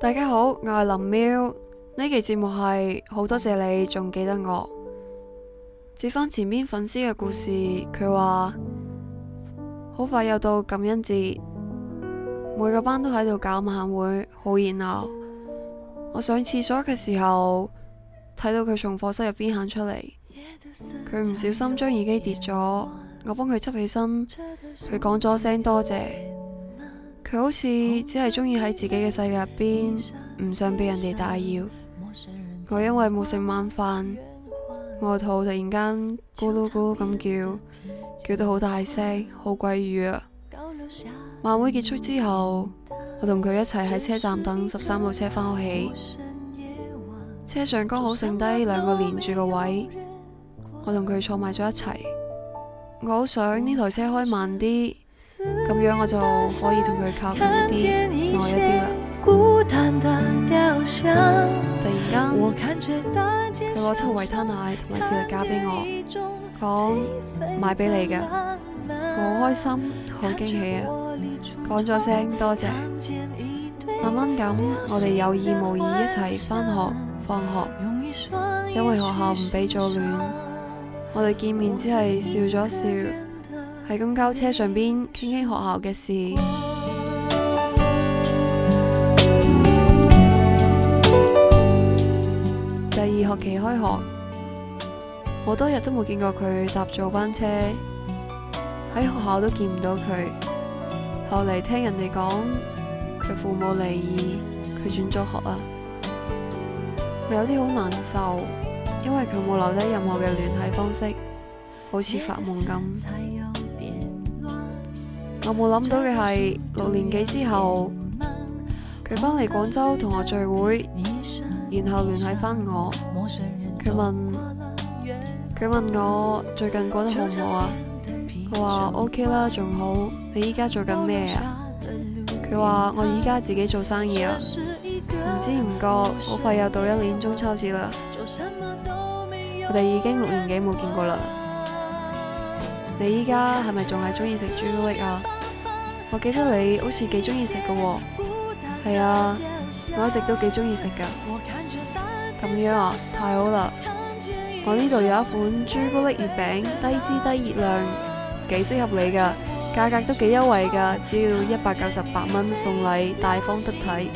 大家好，我係林喵，呢期節目係好多謝你仲記得我。接翻前面粉絲嘅故事，佢話好快又到感恩節，每個班都喺度搞晚會，好熱鬧。我上廁所嘅時候，睇到佢從課室入邊行出嚟，佢唔小心將耳機跌咗，我幫佢執起身，佢講咗聲多謝、謝。佢好似只係中意喺自己嘅世界入邊，唔想俾人哋打擾。我因為冇食晚飯，我肚突然間咕嚕咕嚕咁叫，叫得好大聲，好鬼瘀啊！晚會結束之後，我同佢一齊喺車站等十三路車返屋企。車上剛好剩低兩個連住個位，我同佢坐埋咗一齊。我好想呢台車開慢啲。咁樣我就可以同佢靠近一啲，耐一啲啦、嗯嗯。突然間，佢攞出維他奶同埋士力架俾我，講買俾你嘅，我好開心，好驚喜啊！講咗聲多謝，慢慢咁，我哋有意無意一齊翻學、放學，因為學校唔俾早戀，我哋見面只係笑咗笑。喺公交車上邊傾傾學校嘅事。第二學期開學，好多日都冇見過佢搭早班車，喺學校都見唔到佢。後嚟聽人哋講佢父母離異，佢轉咗學啊。我有啲好難受，因為佢冇留低任何嘅聯繫方式，好似發夢咁。我冇諗到嘅係六年幾之後，佢返嚟廣州同我聚會，然後聯繫返我。佢問，佢問我最近過得好唔好啊？我話 O K 啦，仲好。你依家做緊咩啊？佢話，我依家自己做生意啊。唔知唔覺，好快又到一年中秋節啦。我哋已經六年幾冇見過啦。你依家係咪仲係中意食朱古力啊？我記得你好似幾鍾意食㗎喎？係啊，我一直都幾鍾意食㗎。咁樣啊，太好啦！我呢度有一款朱古力月餅，低脂低熱量，幾適合你㗎，價格都幾優惠㗎，只要一百九十八蚊送禮，大方得體。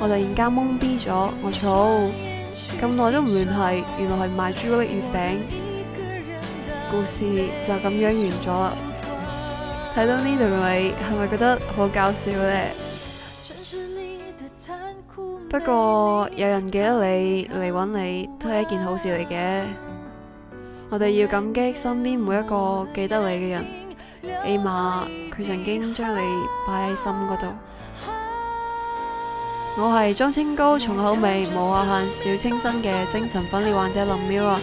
我突然間懵逼咗，我草，咁耐都唔聯繫，原來係賣朱古力月餅。故事就咁樣完咗啦。睇到呢度嘅你，係咪覺得好搞笑呢？不過有人記得你嚟搵你，都係一件好事嚟嘅。我哋要感激身邊每一個記得你嘅人，起碼佢曾經將你擺喺心嗰度。啊、我係裝清高重口味無下限小清新嘅精神分裂患者林妙啊，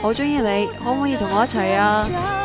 好鍾意你，可唔可以同我一齊啊？